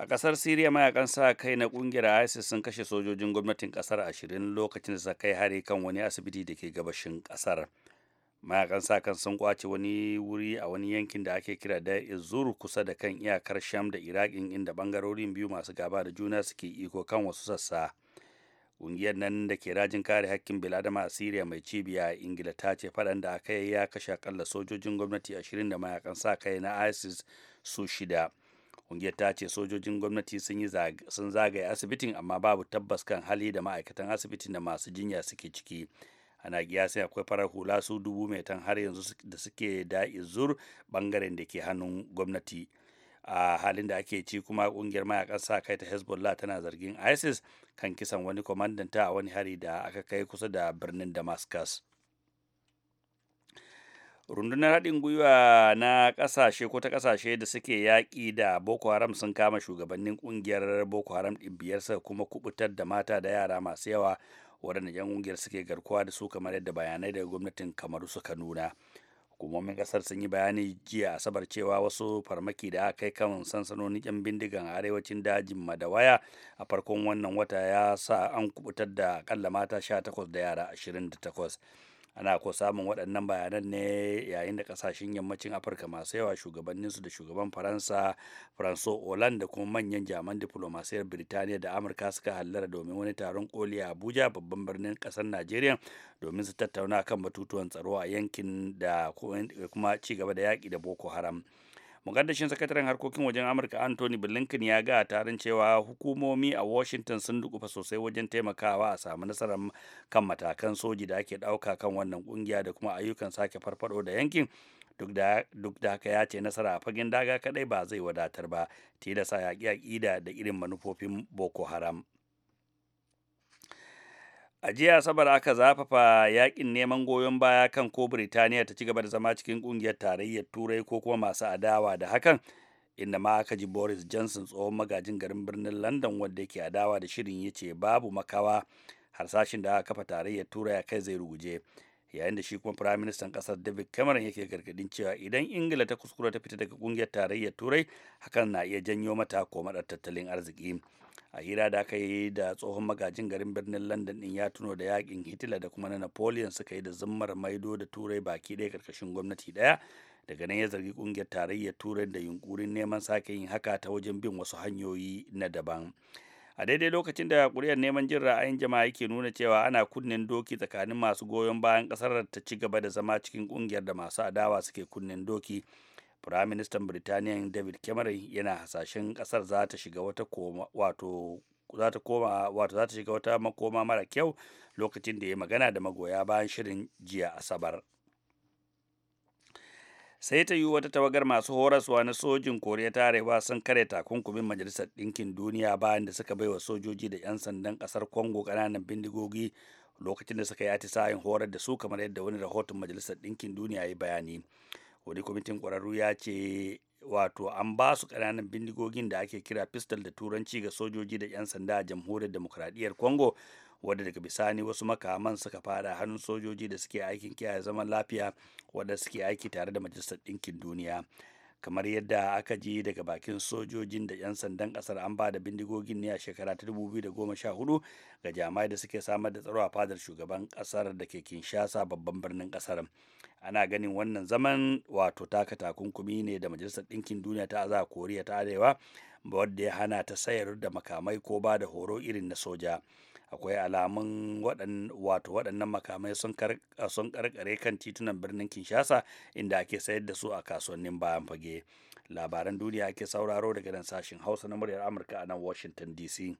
a kasar siriya mayakan sa kai na kungiyar isis sun kashe sojojin gwamnatin kasar ashirin lokacin da kai hari kan wani asibiti da ke gabashin kasar mayakan sa kan sun kwace wani wuri a wani yankin da ake kira da izuru kusa da kan iyakar sham da irakin inda bangarorin biyu masu gaba da juna suke iko kan wasu sassa kungiyar nan da ke rajin kare hakkin biladama a siriya mai cibiya ingila ta ce faɗan da aka yi ya kashe akalla sojojin gwamnati ashirin da mayakan sa kai na isis su shida kungiyar ta ce sojojin gwamnati sun zagaye asibitin amma babu tabbas kan hali da ma'aikatan asibitin da masu jinya suke ciki ana kiyasin akwai farar hula su dubu mai tan har yanzu da suke da izur bangaren da ke hannun gwamnati a halin da ake ci kuma kungiyar mayakan sa kai ta hezbollah tana zargin isis kan kisan wani kwamandanta a wani hari da aka kai kusa da birnin damascus rundunar haɗin gwiwa na ƙasashe ko ta ƙasashe da suke yaƙi da boko haram sun kama shugabannin ƙungiyar boko haram ɗin biyar sa kuma kubutar da mata da yara masu yawa waɗanda 'yan ƙungiyar suke garkuwa da su kamar yadda bayanai daga gwamnatin kamaru suka nuna hukumomin ƙasar sun yi bayani jiya asabar cewa wasu farmaki da aka kai kan sansanonin 'yan bindigan arewacin dajin madawaya a farkon wannan wata ya sa an kubutar da akalla mata sha 18 da yara 28 ana ko samun waɗannan bayanan ne yayin da ƙasashen yammacin afirka masu yawa shugabanninsu da shugaban faransa franco hollande da kuma manyan jaman diplomasiyar birtaniya da amurka suka hallara domin wani taron koli a abuja babban birnin ƙasar nigeria domin su tattauna kan batutuwan tsaro a yankin da kuma ci gaba da yaƙi da boko haram mukaddashin sakataren harkokin wajen amurka anthony blinken ya ga taron cewa hukumomi a washington sun dukufa sosai wajen taimakawa a samu nasarar kan matakan soji da ake ɗauka kan wannan kungiya da kuma ayyukan sake farfado da yankin duk da haka ya ce nasara a fagen daga kadai ba zai wadatar ba tilasa yaƙi da irin manufofin boko haram a jiya asabar aka zafafa yakin neman goyon baya kan ko birtaniya ta ci gaba da zama cikin kungiyar tarayyar turai ko kuma masu adawa da hakan inda ma aka ji boris johnson tsohon magajin garin birnin london wanda yake adawa da shirin ya ce babu makawa harsashin da aka kafa tarayyar turai a kai zai ruguje yayin da shi kuma firaministan ƙasar david cameron yake gargadin cewa idan ingila ta kuskura ta fita daga kungiyar tarayyar turai hakan na iya janyo mata komadar tattalin arziki a hira da aka yi da tsohon magajin garin birnin london din ya tuno da yakin hitler da kuma na napoleon suka yi da zummar maido da turai baki ɗaya karkashin gwamnati ɗaya daga nan ya zargi kungiyar tarayyar turai da yunkurin neman sake yin haka ta wajen bin wasu hanyoyi na daban a daidai lokacin da kuriyar neman jin ra'ayin jama'a yake nuna cewa ana kunnen doki tsakanin masu goyon bayan kasar ta ci gaba da zama cikin kungiyar da masu adawa suke kunnen doki firaministan birtaniya david cameron yana hasashen kasar za ta shiga wata koma wato za ta koma wato za ta shiga wata makoma mara kyau lokacin da ya magana da magoya bayan shirin jiya asabar sai ta yi wata tawagar masu horaswa na sojin koriya ta arewa sun kare takunkumin majalisar ɗinkin duniya bayan da suka baiwa sojoji da 'yan sandan ƙasar congo ƙananan bindigogi lokacin da suka yi atisayin horar da su kamar yadda wani rahoton majalisar ɗinkin duniya ya bayani wani kwamitin kwararru ya ce wato an ba su ƙananan bindigogin da ake kira pistol da turanci ga sojoji da 'yan sanda a jamhuriyar demokradiyyar congo wadda daga bisani wasu makaman suka fada hannun sojoji da suke aikin kiyaye zaman lafiya wadda suke aiki tare da majalisar ɗinkin duniya kamar yadda aka ji daga bakin sojojin da 'yan sandan kasar an ba da bindigogin ne a shekara ta 2014 ga jami'ai da suke samar da tsaro a fadar shugaban kasar da ke kinshasa babban birnin kasar ana ganin wannan zaman wato taka takunkumi ne da majalisar ɗinkin duniya ta aza koriya ta arewa wadda ya hana ta sayar da makamai ko ba da horo irin na soja akwai alamun wato waɗannan makamai sun karkare kan titunan birnin kinshasa inda ake sayar da su a kasuwannin bayan fage labaran duniya ake sauraro daga nan sashen hausa na muryar amurka a nan washington dc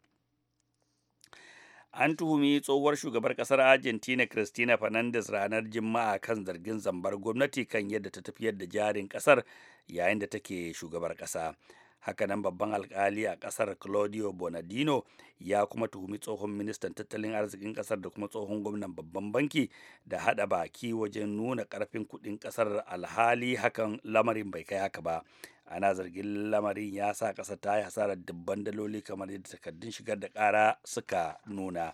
an tuhumi tsohuwar shugabar kasar argentina christina fernandez ranar jima'a kan zargin zambar gwamnati kan yadda ta tafiyar da jarin kasar yayin da take shugabar kasa hakanan babban alkali a kasar claudio bonadino ya kuma tuhumi tsohon ministan tattalin arzikin kasar da kuma tsohon gwamnan babban banki da hada baki wajen nuna karfin kudin kasar alhali hakan lamarin bai kai haka ba ana zargin lamarin ya sa ƙasa ta yi hasarar dubban daloli kamar yadda takardun shigar da kara suka nuna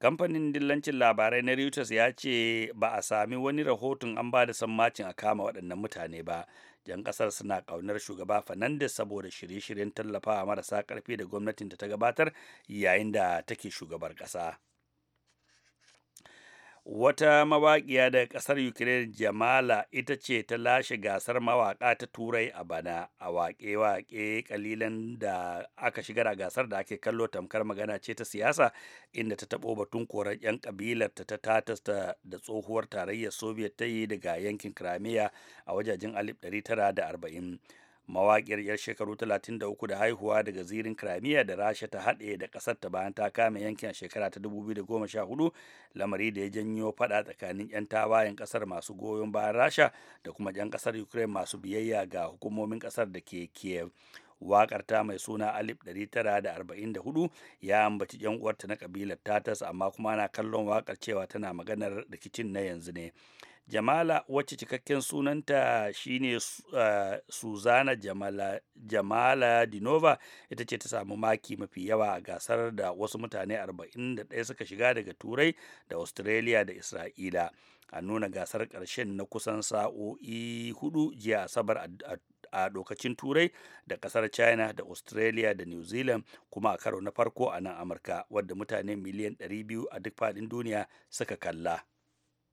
kamfanin dillancin labarai na reuters ya ce ba a sami wani rahoton an ba da sammacin a kama waɗannan mutane ba 'yan kasar suna kaunar shugaba fernandez saboda shirye-shiryen tallafawa marasa ƙarfi da gwamnatin ta gabatar yayin da take shugabar ƙasa. wata mawaƙiya daga ƙasar ukraine jamala ita ce ta lashe gasar mawaƙa ta turai a bana a waƙe-waƙe ƙalilan da aka shigar a gasar da ake kallo tamkar magana ce ta siyasa inda ta taɓo batun korar 'yan ƙabilar ta ta tatasta da tsohuwar tarayyar soviet ta yi daga yankin crimea a wajajen 1940 mawaƙiyar 'yar shekaru 33 da haihuwa daga zirin Crimea da Rasha ta haɗe da ƙasar ta bayan ta kame yankin shekara ta 2014 lamari da ya janyo faɗa tsakanin 'yan tawayen ƙasar masu goyon bayan Rasha da kuma 'yan ƙasar Ukraine masu biyayya ga hukumomin ƙasar da ke Kiev. wakar ta mai suna alif 944 ya ambaci yan uwarta na kabilar tatas amma kuma ana kallon wakar cewa tana maganar rikicin na yanzu ne jamala wacce cikakken sunanta shine uh, suzana jamala, jamala dinova ita ce ta samu maki mafi yawa a gasar da wasu mutane 41 suka shiga daga turai da australia da isra'ila a nuna gasar ƙarshen na kusan sa'o'i hudu jiya asabar a dokacin turai da kasar china da australia da new zealand kuma a karo na farko a nan amurka wadda mutane miliyan 200 a duk faɗin duniya suka kalla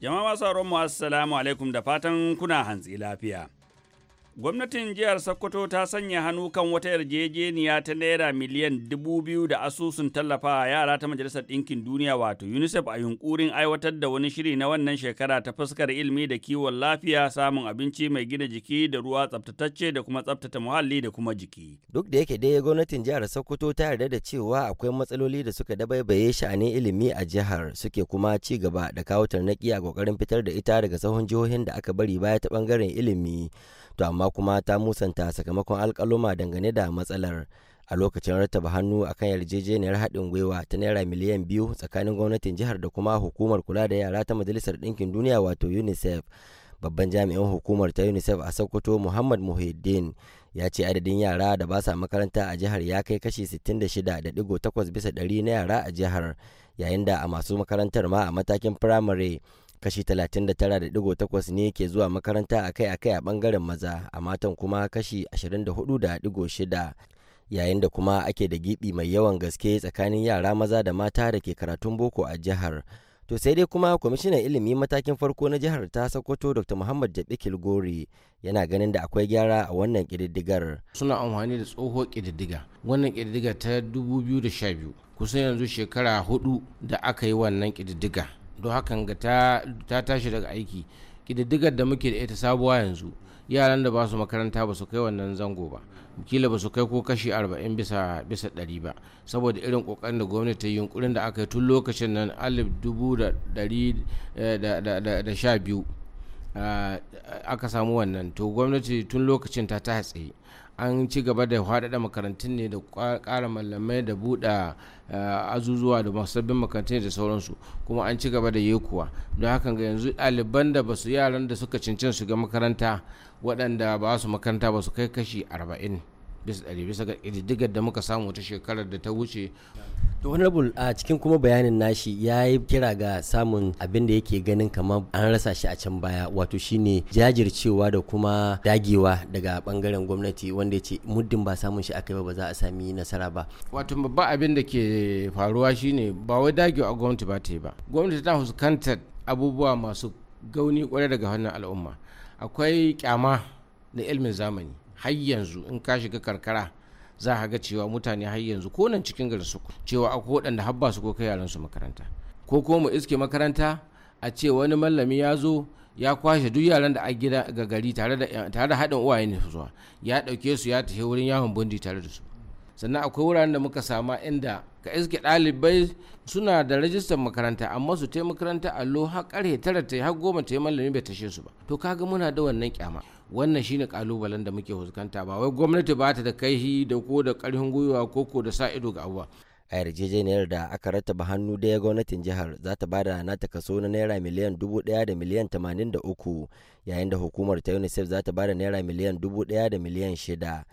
Jama'a masu mu assalamu alaikum da fatan kuna hantsi lafiya. Gwamnatin jihar Sokoto ta sanya hannu kan wata yarjejeniya ta naira miliyan dubu biyu da asusun tallafa a yara ta Majalisar Ɗinkin Duniya wato UNICEF a yunkurin aiwatar da wani shiri na wannan shekara ta fuskar ilimi da kiwon lafiya, samun abinci mai gina jiki da ruwa tsaftatacce da kuma tsaftace muhalli da kuma jiki. Duk da yake dai gwamnatin jihar Sokoto ta yarda da cewa akwai matsaloli da suka dabaibaye sha'anin ilimi a jihar suke kuma ci gaba da kawo tarnaƙi a ƙoƙarin fitar da ita daga sahun jihohin da aka bari baya ta ɓangaren ilimi. To amma kuma ta musanta sakamakon alkaluma dangane da matsalar a lokacin rattaba hannu akan yarjejeniyar haɗin gwiwa ta naira miliyan biyu tsakanin gwamnatin jihar da kuma hukumar kula da yara ta majalisar ɗinkin duniya wato unicef babban jami'in hukumar ta unicef a sokoto muhammad muhiddin ya ce adadin yara da ba sa makaranta a jihar ya kai kashi 66.8 bisa ɗari na yara a jihar yayin da a masu makarantar ma a matakin firamare kashi 39.8 ne ke zuwa makaranta akai-akai a bangaren maza a matan kuma kashi 24.6 yayin da kuma ake da gibi mai yawan gaske tsakanin yara maza da mata da ke karatun boko a jihar to sai dai kuma kwamishinan ilimi matakin farko na jihar ta sokoto dr muhammad jabi gori yana ganin da akwai gyara a wannan kididdigar suna amfani da tsohuwar kididdiga wannan kididdiga ta 2012 kusan yanzu shekara hudu da aka yi wannan kididdiga don hakan ga ta tashi daga aiki ƙididdigar da muke da ita sabuwa yanzu yaran da ba su makaranta ba su kai wannan zango ba kila ba su kai ko kashi 40 bisa bisa 100 ba saboda irin kokarin da gwamnati ta yi yunkurin da aka yi tun lokacin nan alif aka samu wannan to gwamnati tun lokacin ta ta tsaye an ci gaba da faɗaɗa makarantun ne da ƙara malamai da buɗa eh, azuzuwa da sabbin makarantun da sauransu kuma an ci gaba da yekuwa don hakan ga yanzu ɗaliban da ba su yaran da suka cincin su ga makaranta waɗanda ba su makaranta ba su kai kashi arba'in bisa ɗari bisa ga ƙididdigar da muka samu ta shekarar da ta wuce. to honorable a cikin kuma bayanin nashi ya yi kira ga samun abin da yake ganin kamar an rasa shi a can baya wato shine jajircewa da kuma dagewa daga bangaren gwamnati wanda ya ce muddin ba samun shi aka yi ba za a sami nasara ba wato babban abin da ke faruwa shine ba wai dagewa a gwamnati ba ta yi ba gwamnati ta fuskantar abubuwa masu gauni kwarai daga hannun al'umma akwai kyama na ilimin zamani har yanzu in ka shiga karkara za ka ga cewa mutane har yanzu ko nan cikin garin su cewa akwai waɗanda habba su ko kai yaran su makaranta ko ko mu iske makaranta a ce wani mallami ya zo ya kwashe duk yaran da a gida ga gari tare da tare da haɗin uwaye ne zuwa ya ɗauke su ya tafi wurin yawon bundi tare da su sannan akwai wuraren da muka sama inda ka iske ɗalibai suna da rajistar makaranta amma su ta allo har ƙarhe tara ta har goma ta yi mallami bai tashe su ba to kaga muna da wannan kyama wannan shine kalubalen da muke fuskanta ba wai gwamnati ba ta da kaihi da ko da karfin gwiwa ko ko da sa ido ga abuwa a yarjejeniyar da aka rattaba hannu daya gwamnatin jihar za ta bada nata kaso na naira miliyan dubu daya da miliyan tamanin da uku yayin da hukumar ta unicef za ta bada naira miliyan dubu daya da miliyan shida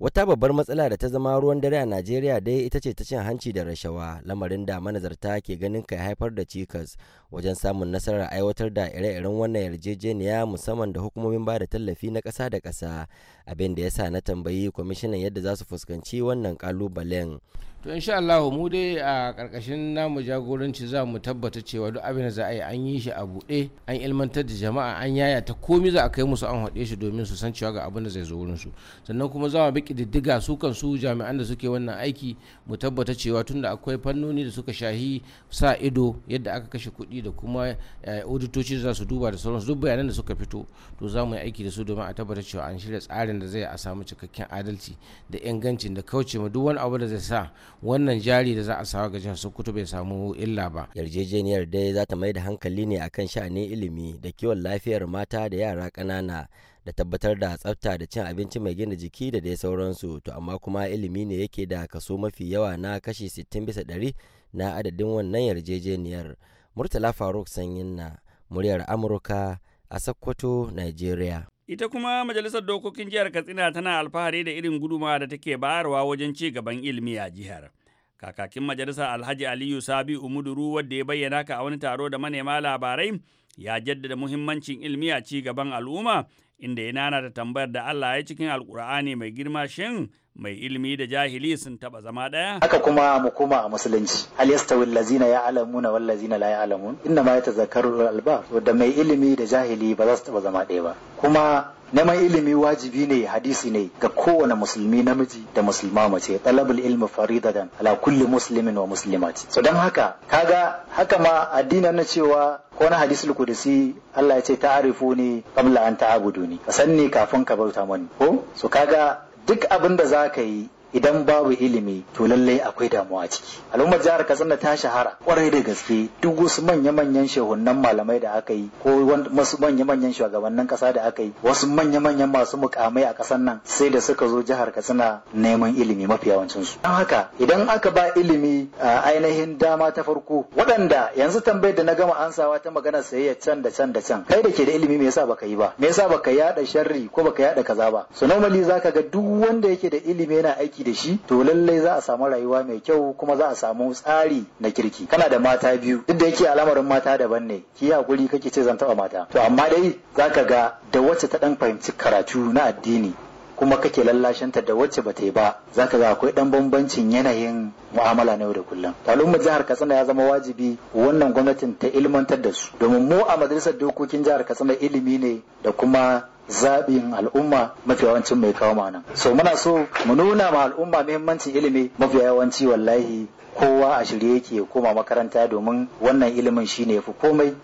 Wata babbar matsala da ta zama ruwan dare a Najeriya dai ita ce ta cin hanci da rashawa, lamarin da manazarta ke ganin kai haifar da cikas wajen samun nasarar aiwatar da ire-iren wannan yarjejeniya musamman da hukumomin ba da tallafi na ƙasa da kasa abin da ya sa na tambayi kwamishinan yadda za su fuskanci wannan ƙalubalen. to insha Allah mu dai a karkashin namu jagoranci za mu tabbata cewa duk abin da za a yi an yi shi a buɗe an ilmantar da jama'a an yaya ta komi za a kai musu an haɗe shi domin su san cewa ga abin da zai zo wurin su sannan kuma za mu bi diddiga su kan su jami'an da suke wannan aiki mu tabbata cewa tunda akwai fannoni da suka shahi sa ido yadda aka kashe kuɗi da kuma eh, auditoci za su duba da sauransu duk bayanan da suka fito to za mu yi aiki da su domin a tabbata cewa an shirya tsarin da zai a samu cikakken adalci da ingancin da kauce ma duk wani abu da zai sa wannan jari da za a sawa ga jihar sokoto bai samu illa ba yarjejeniyar dai za ta mai da hankali ne akan sha'anin ilimi da kiwon lafiyar mata da yara kanana da tabbatar da tsafta da cin abinci mai gina jiki da dai sauransu to amma kuma ilimi ne yake da kaso mafi yawa na kashi sittin bisa ɗari na adadin wannan yarjejeniyar murtala faruk sanyin na muryar amurka a sokoto nigeria Ita kuma Majalisar Dokokin Jihar Katsina tana alfahari da irin gudumawa da take bayarwa wajen ci gaban ilimi a jihar. Kakakin Majalisar Alhaji Aliyu Sabi Umuduru wadda ya bayyana ka a wani taro da manema labarai ya jaddada muhimmancin ilimi a ci gaban al'umma inda ya nana da tambayar da Allah ya cikin Alkur'ani mai girma shin mai ilmi da jahili sun taba zama daya haka kuma mu koma a musulunci hal yastawi allazina ya'lamuna wal ladzina la ya'lamun inna ma yatazakkaru alba. da mai ilimi da jahili ba za su taba zama daya ba kuma neman ilimi wajibi ne hadisi ne ga kowane musulmi namiji da musulma mace talabul ilmi faridatan ala kulli muslimin wa muslimat so don haka kaga haka ma addinin na cewa ko na hadisul kudusi Allah ya ce ta'arifuni qabla an ta'buduni ka sanni kafin ka bauta mani ko so kaga duk abin da za ka yi idan babu ilimi to lallai akwai damuwa ciki al'ummar jihar katsina ta shahara kwarai da gaske duk wasu manya-manyan shehunan malamai da aka yi ko wasu manya-manyan shugabannin kasa da aka yi wasu manya-manyan masu mukamai a kasan nan sai da suka zo jihar katsina neman ilimi mafi yawancin su don haka idan aka ba ilimi a ainihin dama ta farko waɗanda yanzu tambayar da na gama ansawa ta magana sayayya can da can da can kai da ke da ilimi me yasa baka yi ba me yasa baka yada sharri ko baka yada kaza ba so normally zaka ga duk wanda yake da ilimi yana aiki aiki da shi to lallai za a samu rayuwa mai kyau kuma za a samu tsari na kirki kana da mata biyu duk da yake al'amarin mata daban ne ki hakuri kake ce zan taba mata to amma dai zaka ga da wacce ta dan fahimci karatu na addini kuma kake ta da wacce ba ta yi ba za ka ga akwai ɗan bambancin yanayin mu'amala na yau da kullum mu jihar katsina ya zama wajibi wannan gwamnatin ta ilmantar da su domin mu a majalisar dokokin jihar katsina ilimi ne da kuma zaɓin al'umma mafi yawancin mai kawo nan. so muna so mu nuna ma al'umma muhimmancin ilimi mafi yawanci wallahi kowa a shirye yake ya koma makaranta domin wannan ilimin shi shine yafi komai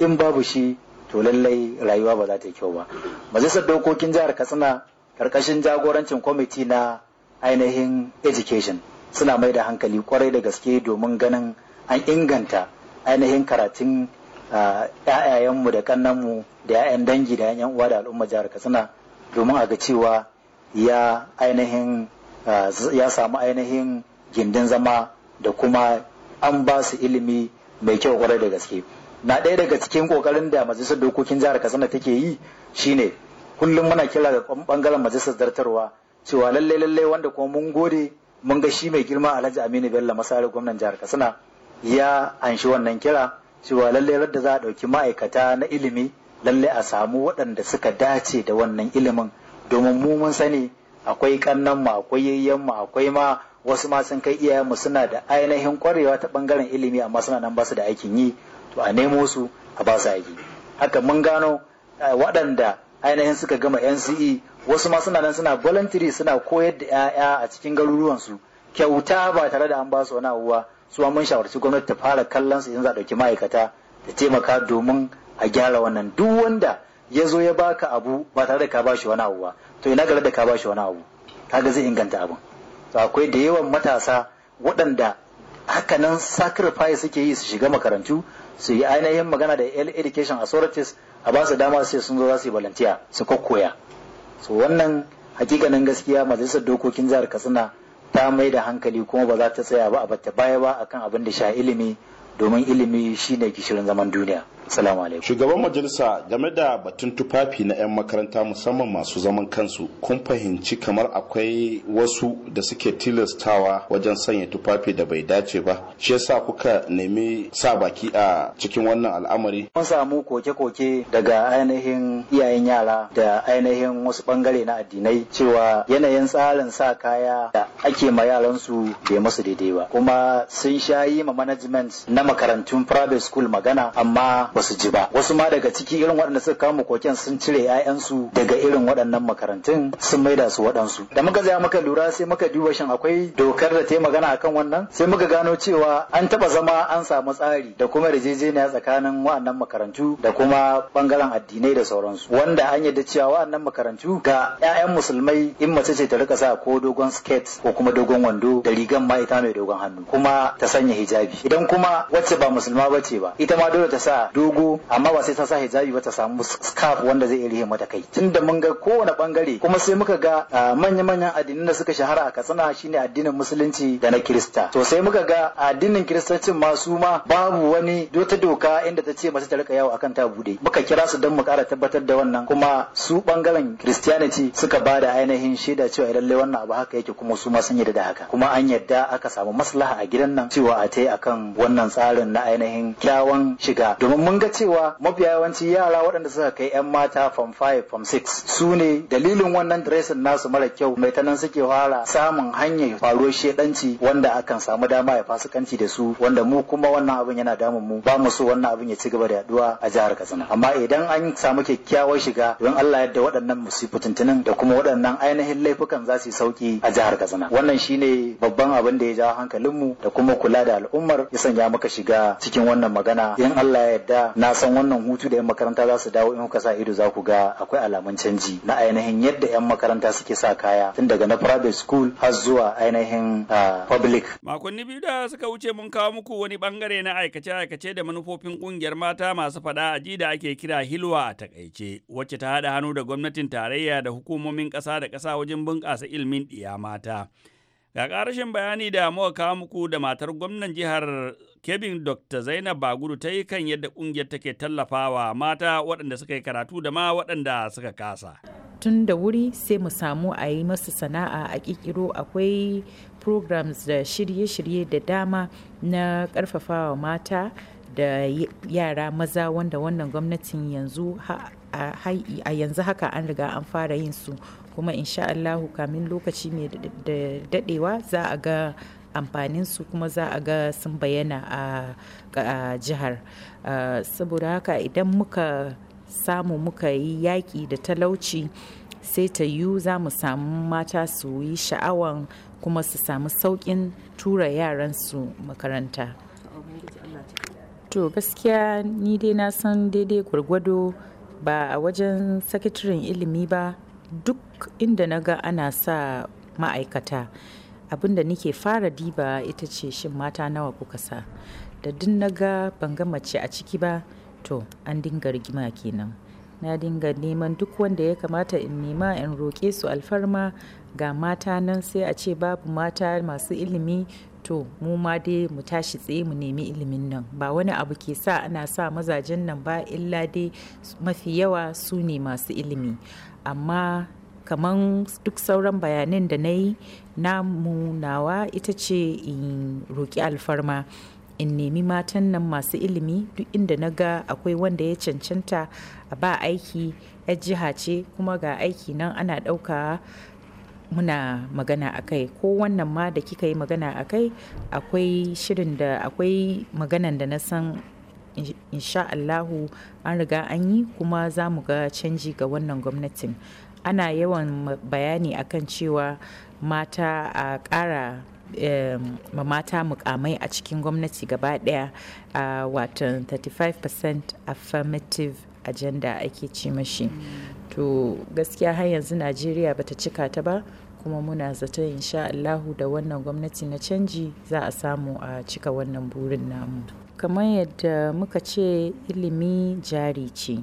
in babu shi to lallai rayuwa ba za ta yi kyau ba majalisar dokokin jihar katsina karkashin jagorancin kwamiti na ainihin education suna mai da hankali kwarai da gaske domin ganin an inganta ainihin karatun 'ya'yayenmu da kannanmu da 'ya'yan dangi da 'yan uwa da al'ummar jihar katsina domin a ga cewa ya ainihin samu ainihin gindin zama da kuma an ba su ilimi mai kyau kwarai da gaske na ɗaya daga cikin ƙoƙarin da majalisar dokokin jihar katsina take yi shine kullum muna kira ga ɓangaren majalisar zartarwa cewa lallai lallai wanda kuma mun gode mun ga shi mai girma alhaji aminu bello masari gwamnan jihar katsina ya anshi wannan kira cewa lallai yadda za a ɗauki ma'aikata na ilimi lallai a samu waɗanda suka dace da wannan ilimin domin mu mun sani akwai kannan mu akwai yayyen mu akwai ma wasu ma sun kai iyayen mu suna da ainihin kwarewa ta ɓangaren ilimi amma suna nan ba su da aikin yi to a nemo su a ba su aiki haka mun gano eh, waɗanda ainihin suka gama NCE wasu ma suna nan suna voluntary suna koyar da 'ya'ya a cikin garuruwansu kyauta ba tare da an ba su wani abuwa su mun shawarci gwamnati ta fara kallon su idan za a ɗauki ma'aikata ta taimaka domin a gyara wannan duk wanda ya zo ya baka abu ba tare da ka bashi wani abu ba to ina gare da ka bashi wani abu kaga zai inganta abin to akwai da yawan matasa waɗanda hakanan sacrifice suke yi su shiga makarantu su yi ainihin magana da education authorities a ba su dama sai sun zo za su yi volunteer su kokkoya so wannan hakikanin gaskiya majalisar dokokin jihar katsina ta mai da hankali kuma ba za ta tsaya ba a bata baya ba akan abin da sha ilimi domin ilimi shine gishirin zaman duniya Shugaban majalisa game da batun tufafi na 'yan makaranta musamman masu zaman kansu kun fahimci kamar akwai wasu da suke tilastawa wajen sanya tufafi da bai dace ba. Shi yasa kuka nemi sa baki a cikin wannan al'amari. Mun samu koke-koke daga ainihin iyayen yara da ainihin wasu bangare na addinai cewa yanayin tsarin sa kaya da ake ma yaran su bai masu daidai ba. Kuma sun sha yi ma management na makarantun private school magana amma basu ji ba wasu ma daga ciki irin waɗanda suka kama koken sun cire 'ya'yansu daga irin waɗannan makarantun sun maida su waɗansu da muka zaya muka lura sai muka duba shin akwai dokar da ta yi magana akan wannan sai muka gano cewa an taɓa zama an samu tsari da kuma yarjejeniya tsakanin waɗannan makarantu da kuma bangaren addinai da sauransu wanda an yadda cewa waɗannan makarantu ga 'ya'yan musulmai in mace ce ta rika sa ko dogon skirt ko kuma dogon wando da rigan ma ita mai dogon hannu kuma ta sanya hijabi idan kuma wacce ba musulma ce ba ita ma dole ta sa dogo amma ba sai ta sa hijabi ba ta samu scarf wanda zai rihe mata kai tunda mun ga kowane bangare kuma sai muka ga ah, manya-manyan addinin da suka shahara a katsina shine addinin musulunci da na kirista to sai muka ga addinin kiristancin ma su ma babu wani dota doka inda ta ce masu ta rika yawo akan ta bude muka kira su don mu kara tabbatar da wannan kuma su bangaren christianity suka ba da ainihin shaida cewa eh, lallai wannan abu haka yake kuma su ma sun yarda da haka kuma an yarda aka samu maslaha a gidan nan cewa a tai akan wannan tsarin na ainihin kyawun shiga domin mun ga cewa mafiya yawanci yara waɗanda suka kai 'yan mata from 5 from 6 su ne dalilin wannan dressing nasu mara kyau mai tanan suke fara samun hanyar faruwar shedanci wanda akan samu dama ya fasikanci da su wanda mu kuma wannan abin yana damun mu ba mu so wannan abin ya ci gaba da yaduwa a jihar Katsina amma idan an samu kyakkyawar shiga don Allah yadda waɗannan tuntunin da kuma waɗannan ainihin laifukan za su sauki a jihar Katsina wannan shine babban abin da ya jawo mu da kuma kula da al'ummar ya sanya muka shiga cikin wannan magana in Allah ya yarda na san wannan hutu da 'yan makaranta za su dawo in kuka sa ido za ku ga akwai alamun canji na ainihin yadda 'yan makaranta suke sa kaya tun daga na private school har zuwa ainihin ah, public. Makonni biyu da suka wuce mun kawo muku wani bangare na aikace-aikace da manufofin kungiyar mata masu fada a ji da ake kira Hilwa a takaice wacce ta haɗa hannu da gwamnatin tarayya da hukumomin ƙasa da ƙasa wajen bunƙasa ilimin ɗiya mata. Ga ƙarashin bayani da muka kawo muku da matar gwamnan jihar kebin Dr. Zainab Baguru ta yi kan yadda ƙungiyar take tallafawa mata waɗanda suka yi karatu da ma waɗanda suka kasa. Tun da wuri sai mu samu a yi masu sana'a a ƙirƙiro akwai programs da shirye-shirye da dama na ƙarfafawa mata da yara maza wanda wannan gwamnatin yanzu a yanzu haka an riga an fara yin su kuma insha Allahu kamin lokaci mai daɗewa za a ga amfanin su kuma za a ga sun bayyana a jihar saboda haka idan muka samu muka yi yaƙi da talauci sai ta yiwu za mu samu mata su yi sha'awan kuma su samu sauƙin tura yaran su makaranta to gaskiya ni dai na san daidai gwargwado ba a wajen sakataren ilimi ba duk inda na ga ana sa ma'aikata abin da nike fara diba ita ce shin mata nawa kuka sa da duk na ga ban ga mace a ciki ba to an dinga rigima kenan na dinga neman duk wanda ya kamata in nema in roƙe su alfarma ga mata nan sai a ce babu mata masu ilimi to mu ma dai mu tashi tsaye mu nemi ilimin nan ba wani abu ke sa ana sa mazajen nan ba illa dai mafi yawa su ne masu ilimi amma kamar duk sauran bayanan da na yi namu nawa ita ce in roƙi alfarma in nemi matan nan masu ilimi duk inda na ga akwai wanda ya cancanta a ba aiki ya jiha ce kuma ga aiki nan ana ɗauka muna magana a kai ko wannan ma da kika yi magana a kai akwai shirin da akwai maganan da na san insha Allahu an riga an yi kuma za mu ga canji ga wannan gwamnatin ana yawan bayani akan cewa mata a ƙara ma mata mukamai a cikin gwamnati gaba daya a watan 35% affirmative agenda ake ci mashi to gaskiya har yanzu najeriya bata cika ta ba kuma muna in insha Allahu da wannan gwamnati na canji za a samu a cika wannan burin namu kamar yadda muka ce ilimi jari ce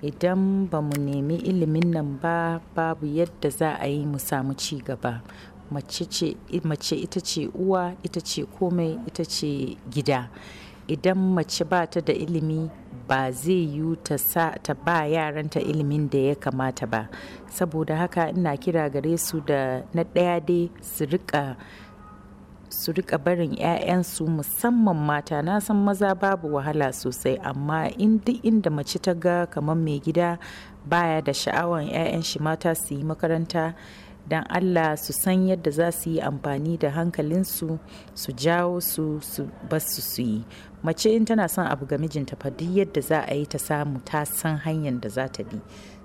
Idan ba mu nemi ilimin nan ba, babu yadda za a yi mu samu ci gaba. Mace ita ce uwa, ita ce komai, ita ce gida. Idan mace ba ta da ilimi ba zai yi ta ba yaranta ilimin da ya kamata ba. Saboda haka ina kira gare su da na ɗaya dai su rika. su rika barin 'ya'yansu musamman mata na san maza babu wahala sosai amma duk inda mace ta ga kamar mai gida baya da sha'awan 'ya'yan shi mata su yi makaranta don allah su san yadda za su yi amfani da hankalinsu su jawo su su basu su yi mace in tana son abu ga mijinta fa duk yadda za a yi ta samu ta san hanyar da za ta bi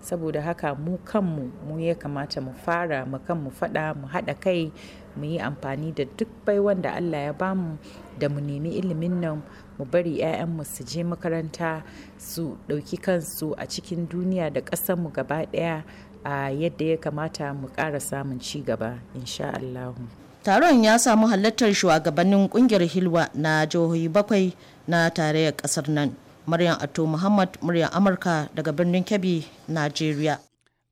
saboda haka mu kanmu mu ya kamata mu fara mu kan mu faɗa mu haɗa kai mu yi amfani da duk baiwan da Allah ya bamu da mu nemi ilimin nan mu bari 'ya'yanmu su je makaranta su ɗauki kansu a cikin duniya da ƙasarmu gaba ɗaya a yadda ya kamata mu ƙara samun ci gaba insha Allah. taron ya samu halartar shugabannin kungiyar hilwa na jihohi bakwai na tarayyar ƙasar nan Maryam Ato Muhammad muryar Amurka daga birnin Kebbi, Najeriya.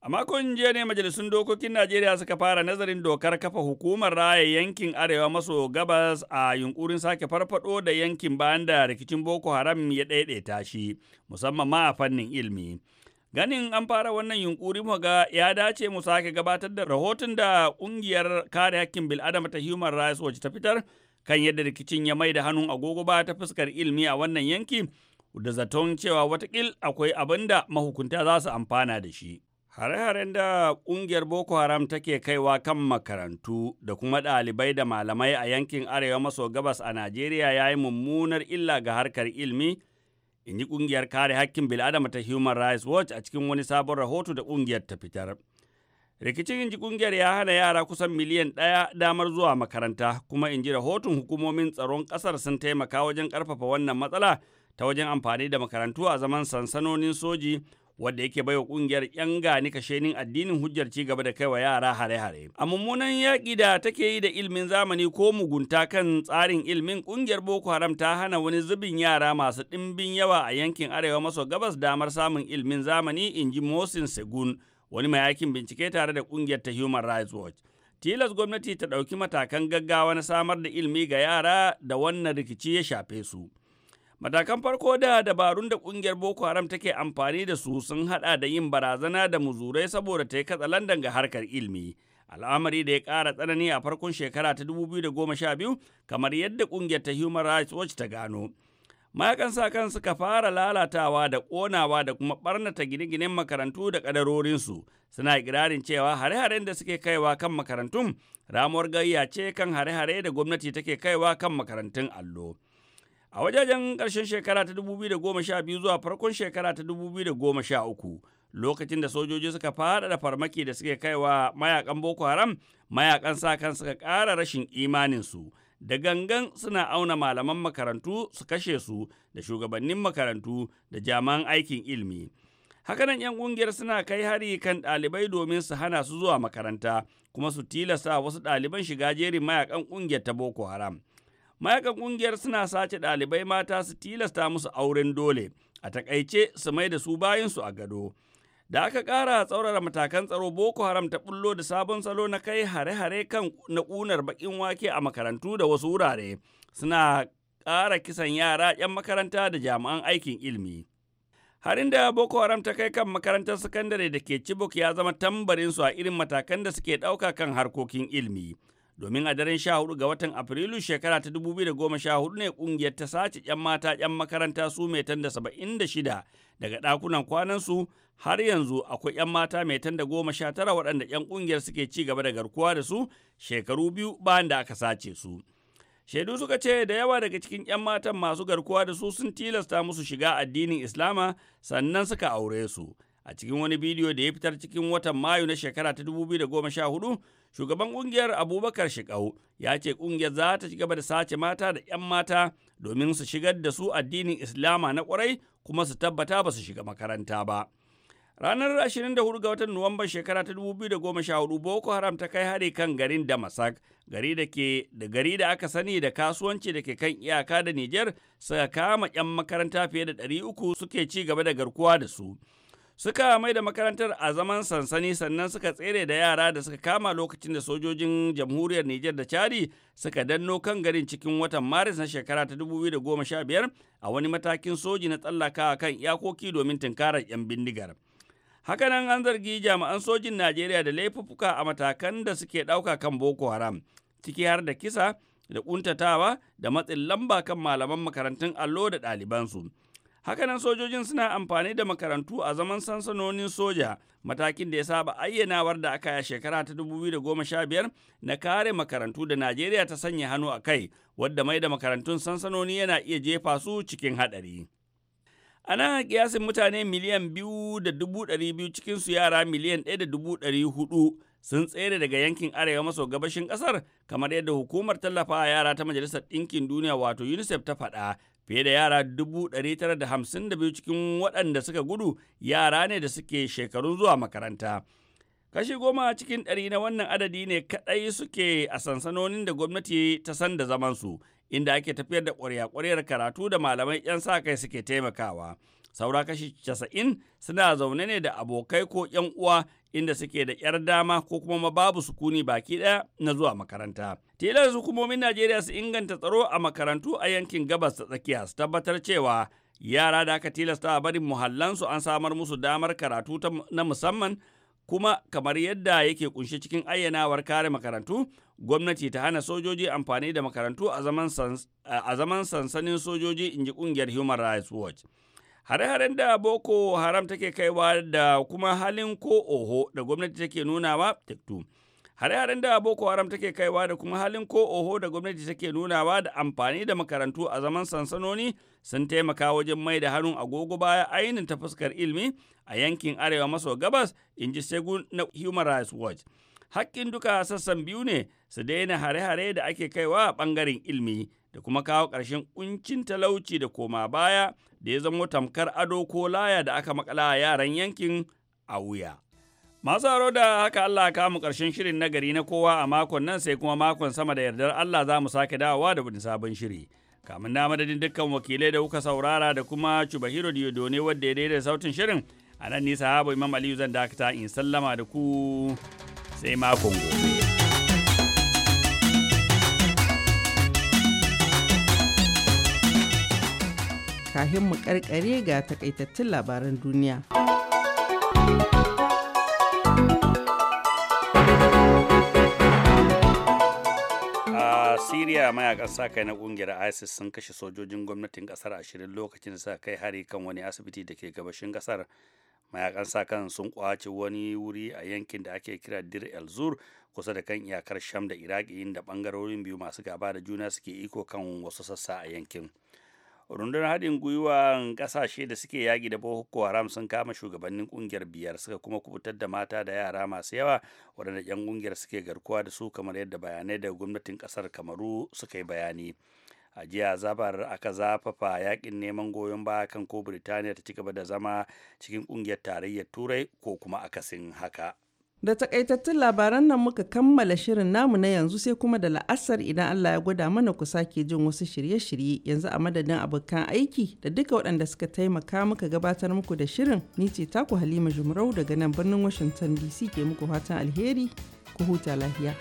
A makon jiya ne majalisun dokokin Najeriya suka fara nazarin dokar kafa hukumar raya yankin arewa maso gabas a yunkurin sake farfado da yankin bayan da rikicin Boko Haram ya ɗaiɗaita shi, musamman ma a fannin ilimi. Ganin an fara wannan yunkuri ga ya dace mu sake gabatar da rahoton da ƙungiyar kare hakkin bil'adama ta Human Rights Watch ta fitar kan yadda rikicin ya mai da hannun agogo ba ta fuskar ilmi a wannan yanki da zaton cewa watakil akwai abin da mahukunta za su amfana da shi. Hare-haren da ƙungiyar Boko Haram take kaiwa kan makarantu da kuma ɗalibai da malamai a yankin Arewa maso gabas a Najeriya ya yi mummunar illa ga harkar ilmi, in ji ƙungiyar kare hakkin bil'adama ta Human Rights Watch a cikin wani sabon rahoto da ƙungiyar ta fitar. Rikicin in ji ƙungiyar ya hana yara kusan miliyan ɗaya damar zuwa makaranta, kuma in ji rahoton hukumomin tsaron ƙasar sun taimaka wajen ƙarfafa wannan matsala ta wajen amfani da makarantu a zaman sansanonin soji wadda yake baiwa kungiyar 'yan gani kashenin addinin hujjar ci gaba da kaiwa yara hare-hare. A mummunan yaƙi da take yi da ilmin zamani ko mugunta kan tsarin ilmin kungiyar Boko Haram ta hana wani zubin yara masu ɗimbin yawa a yankin arewa maso gabas damar samun ilmin zamani in ji Mosin Segun wani mai aikin bincike tare da kungiyar ta Human Rights Watch. Tilas gwamnati ta ɗauki matakan gaggawa na samar da ilmi ga yara da wannan rikici ya shafe su. Matakan farko da dabarun da kungiyar Boko Haram take amfani da su sun hada da yin barazana da muzurai saboda ta yi katsalandan ga harkar ilimi. Al'amari da ya ƙara tsanani a farkon shekara ta 2012 kamar yadda kungiyar ta Human Rights Watch ta gano. Mayakan sa kan suka fara lalatawa da ƙonawa da kuma ɓarnata gine-ginen makarantu da ƙadarorinsu, suna ikirarin cewa hare-haren da suke kaiwa kan makarantun ramuwar gayya ce kan hare-hare da gwamnati take kaiwa kan makarantun allo. A wajajen ƙarshen shekara ta 2012 zuwa farkon shekara ta 2013 lokacin da sojoji suka faɗaɗa farmaki da suke kaiwa mayakan Boko Haram, mayakan sakan suka ƙara rashin imaninsu. Da gangan suna auna malaman makarantu su kashe su da shugabannin makarantu da jami'an aikin ilimi. Hakanan 'yan ƙungiyar suna kai hari kan ɗalibai domin su hana su zuwa makaranta kuma su tilasta wasu ɗaliban shiga jerin mayakan ƙungiyar ta Boko Haram. mayakan ƙungiyar suna sace ɗalibai mata su tilasta musu auren dole a takaice su mai da su bayansu a gado da aka ƙara tsaurara matakan tsaro boko haram ta bullo da sabon salo na kai hare-hare kan na kunar bakin wake a makarantu da wasu wurare suna ƙara kisan yara 'yan makaranta da jami'an aikin ilimi harin da boko haram ta kai kan makarantar sakandare da ke cibok ya zama tambarin su a irin matakan da suke ɗauka kan harkokin ilimi domin a daren 14 ga watan Afrilu shekara ta 2014 ne kungiyar ta sace 'yan mata 'yan makaranta su mai tanda 76 daga ɗakunan kwanansu har yanzu akwai 'yan mata mai tanda 19 waɗanda 'yan kungiyar suke ci gaba da garkuwa da su shekaru biyu bayan da aka sace su. Shaidu suka ce da yawa daga cikin 'yan matan masu garkuwa da su sun tilasta musu shiga addinin Islama sannan suka aure su. A cikin wani bidiyo da ya fitar cikin watan Mayu na shekara ta 2014 shugaban kungiyar abubakar shekau ya ce ƙungiyar za ta ci gaba da sace mata da 'yan mata domin su shigar da su addinin islama na ƙwarai kuma su tabbata ba su shiga makaranta ba ranar 24 ga watan nuwamban shekara ta 2014 boko haram ta kai hari kan garin damasak gari da ke da gari da aka sani da kasuwanci da ke kan iyaka da Nijar suka kama 'yan makaranta fiye da 300 suke ci gaba da garkuwa da su suka mai da makarantar a zaman sansani sannan suka tsere da yara da suka kama lokacin da sojojin jamhuriyar Nijar da Chadi suka danno kan garin cikin watan Maris na shekara ta 2015 a wani matakin soji na tsallaka kan iyakoki domin tunkarar 'yan bindigar. Hakanan an zargi jami'an sojin Najeriya da laifuffuka a matakan da suke ɗauka kan Boko Haram, ciki har da kisa da ƙuntatawa da matsin lamba kan malaman makarantun allo da ɗalibansu. Hakanan sojojin suna amfani da makarantu a zaman sansanonin soja, matakin da ya saba ayyanawar da aka yi shekara ta 2015 na kare makarantu da Najeriya ta sanya hannu a kai, wadda mai da makarantun sansanoni yana iya jefa su cikin haɗari. A nan kiyasin mutane miliyan biyu da dubu ɗari cikinsu yara miliyan ɗaya da dubu sun tsere daga yankin arewa maso gabashin ƙasar kamar yadda hukumar tallafa yara ta Majalisar Ɗinkin Duniya wato UNICEF ta faɗa Fiye da yara 952 cikin waɗanda suka gudu yara ne da suke shekarun zuwa makaranta. Kashi goma cikin ɗari na wannan adadi ne kaɗai suke a sansanonin da gwamnati ta san da zamansu, inda ake tafiyar da ƙwarya-ƙwaryar karatu da malamai 'yan sa kai suke taimakawa. saura kashi casa'in suna zaune ne da abokai ko ‘yan uwa inda suke da ‘yar dama ko kuma babu sukuni baki ɗaya na zuwa makaranta. Tilas hukumomin Najeriya su inganta tsaro a makarantu a yankin gabas ta tsakiya su tabbatar cewa yara da aka tilasta a barin muhallansu an samar musu damar karatu na musamman kuma kamar yadda yake kunshe cikin ayyanawar kare makarantu gwamnati ta hana sojoji amfani da makarantu a zaman sansanin sojoji in ji kungiyar human rights watch Hare-haren da Boko Haram take kaiwa da kuma halin ko oho da gwamnati take nunawa tattu. Hare-haren da Boko Haram take kaiwa da kuma halin ko oho da gwamnati take nunawa da amfani da makarantu a zaman sansanoni sun taimaka wajen mai da hannun agogo baya ainihin ta fuskar ilmi a yankin arewa maso gabas, in ji na Human Rights Watch. hakkin duka sassan biyu ne su daina hare-hare da ake kaiwa a ɓangaren ilmi da kuma kawo ƙarshen ƙuncin talauci da koma baya da ya zama tamkar ado ko laya da aka makala yaran yankin a wuya. Masu haro da haka Allah mu ƙarshen shirin nagari na kowa a makon nan sai kuma makon sama da yardar Allah za mu sake dawowa da wani sabon shiri. Kamin na madadin dukkan wakilai da kuka saurara da kuma Cubahiro ne wadda ya daidai sautin shirin a nan nisa Habu Imam Aliyu zan dakata in sallama da ku sai makon gobe. Kahin mu karkare ga takaitattun labaran duniya. Siriya mayakan sa kai na ƙungiyar ISIS sun kashe sojojin gwamnatin kasar ashirin lokacin da suka kai hari kan wani asibiti da ke gabashin kasar mayakan sa kan sun kwace wani wuri a yankin da ake kira dir el zur kusa da kan iyakar sham da iraki inda bangarorin biyu masu gaba da juna suke iko kan wasu sassa a yankin rundunar haɗin gwiwa ƙasashe da suke yaƙi da boko haram sun kama shugabannin ƙungiyar biyar suka kuma kubutar da mata da yara masu yawa waɗanda 'yan ƙungiyar suke garkuwa da su kamar yadda bayanai da gwamnatin ƙasar kamaru suka yi bayani a jiya zabar aka zafafa yakin neman goyon baya kan ko birtaniya ta ci gaba da zama cikin kungiyar tarayyar turai ko kuma akasin haka da takaitattun labaran nan muka kammala shirin namu na yanzu sai kuma da la'asar idan Allah ya gwada mana ku sake jin wasu shirye-shirye yanzu a madadin abokan aiki da duka waɗanda suka taimaka muka gabatar muku da shirin ni ce taku halima jumrau daga nan birnin washington dc ke muku fatan alheri ku huta lafiya.